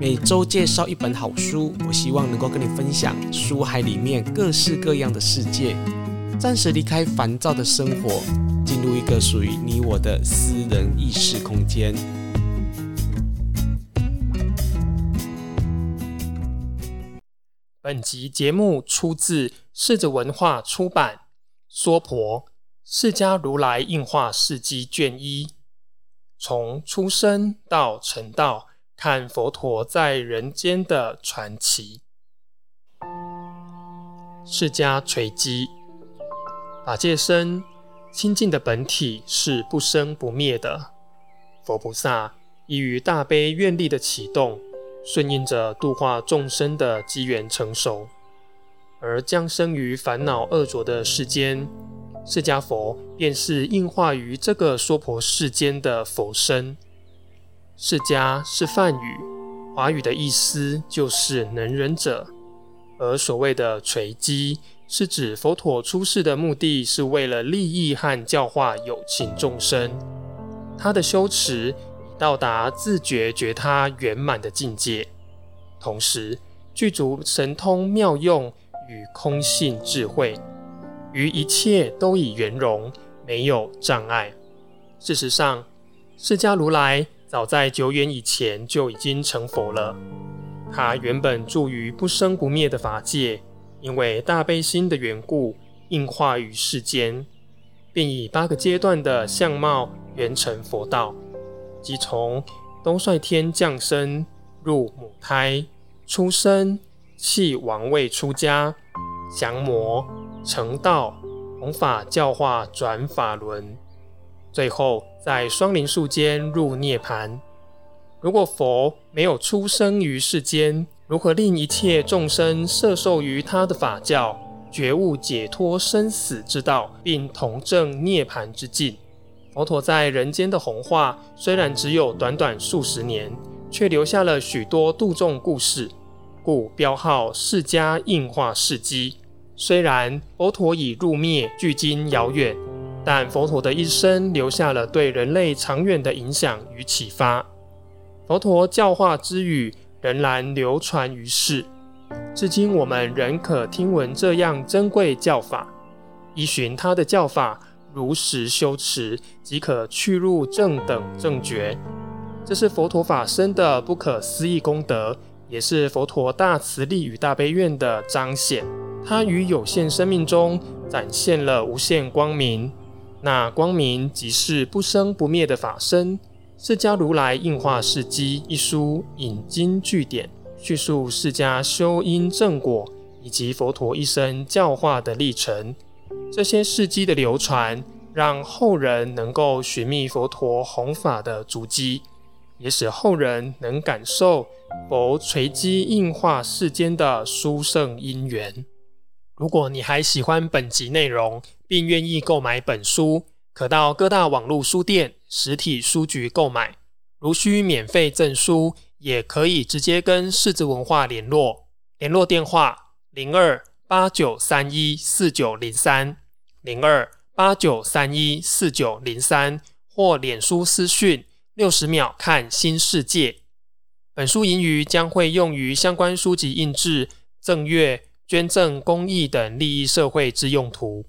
每週介紹一本好書，我希望能夠跟你分享書海裡面各式各樣的世界，暫時離開煩躁的生活，進入一個屬於你我的私人意識空間。本集節目出自柿子文化出版《娑婆釋迦如來應化事蹟卷一》，從出生到成道。看佛陀在人間的傳奇。釋迦垂跡，法界身清淨的本體是不生不滅的。佛菩薩依於大悲願力的啟動，順應着度化眾生的機緣成熟，而降生於煩惱惡濁的世間。釋迦佛便是應化於這個娑婆世間的佛身。釋迦是梵語，華語的意思就是能忍者。而所謂的垂跡，是指佛陀出世的目的是為了利益和教化有情眾生。他的修持已到達自覺覺他圓滿的境界，同時具足神通妙用與空性智慧，於一切都已圓融，沒有障礙。事實上，釋迦如來。早在久遠以前就已經成佛了。他原本住於不生不滅的法界，因為大悲心的緣故，應化於世間，便以八個階段的相貌圓成佛道，即從兜率天降生，入母胎，出生，棄王位出家，降魔，成道，弘法教化，轉法輪。最後，在雙林樹間入涅槃。如果佛沒有出生於世間，如何令一切眾生攝受於他的法教，覺悟解脫生死之道，並同證涅槃之境？佛陀在人間的弘化，雖然只有短短數十年，卻留下了許多度眾故事，故標號釋迦應化事跡。雖然佛陀已入滅，距今遙遠。但佛陀的一生留下了對人類長遠的影響與啟發，佛陀教化之語仍然流傳於世，至今我們仍可聽聞這樣珍貴教法。依循他的教法，如實修持，即可去入正等正覺。這是佛陀法身的不可思議功德，也是佛陀大慈力與大悲願的彰顯。他於有限生命中展現了無限光明。那光明即是不生不滅的法身。《釋迦如來應化事蹟》一書引經據典，敘述，述釋迦修因正果以及佛陀一生教化的歷程。這些事跡的流傳，讓後人能夠尋覓佛陀弘法的足跡，也使後人能感受佛垂跡應化世間的殊勝因緣。如果你還喜歡本集內容，並願意購買本書，可到各大網絡書店、實體書局購買。如需免費贈書，也可以直接跟柿子文化聯絡，聯絡電話零二八九三一四九零三零二八九三一四九零三，或臉書私訊六十秒看新世界。本書盈餘將會用於相關書籍印製贈閱。正月捐贈、公益等利益社會之用途。